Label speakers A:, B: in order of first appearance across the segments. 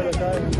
A: Böyle gayet.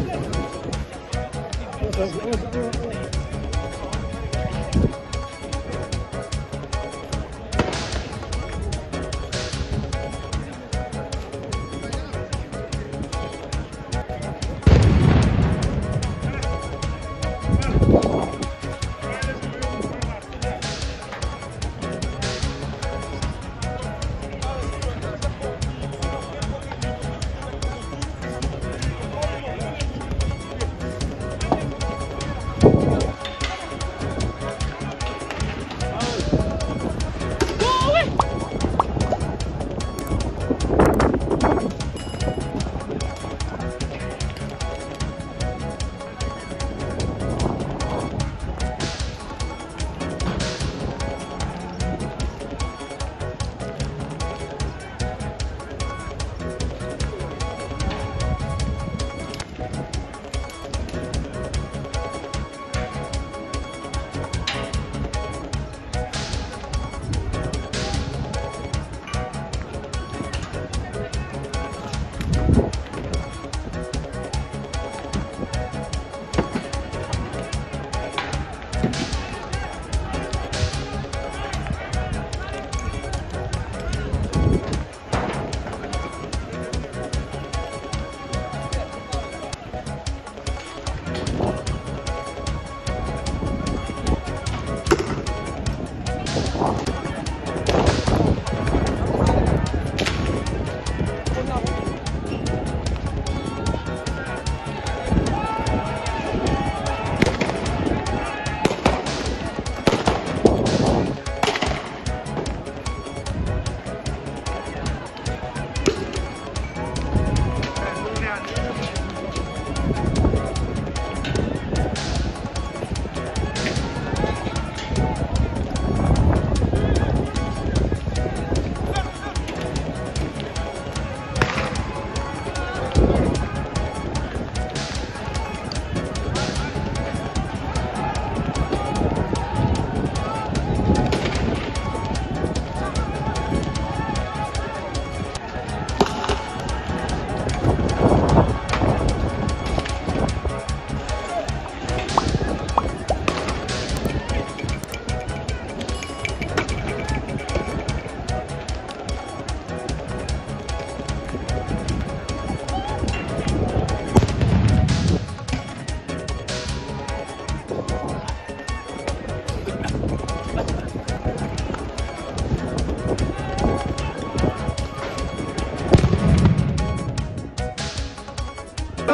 B: Thank you.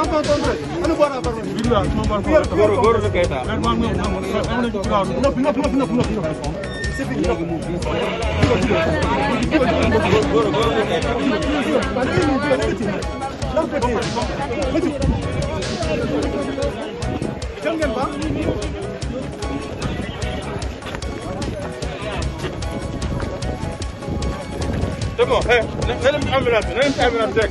B: C'est
C: bon, hey, na dem ci ambulance na dem ci ambulance rek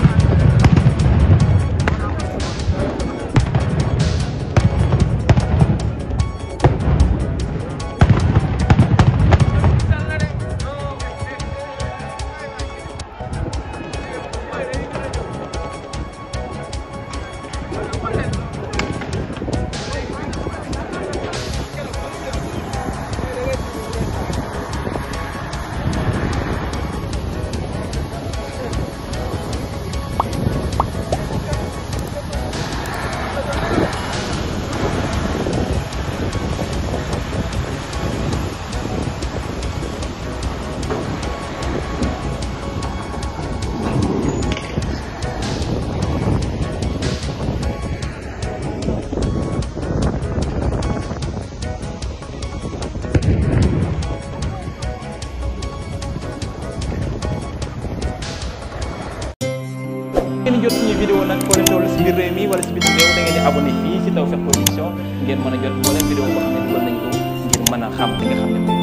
A: ngeen jot suñu vidéo nag si biir réew mi wala si biir réew da si Tawfekh Production ngeen mën a jot moo leen vidéo boo xam ne dugal nañ ko xam li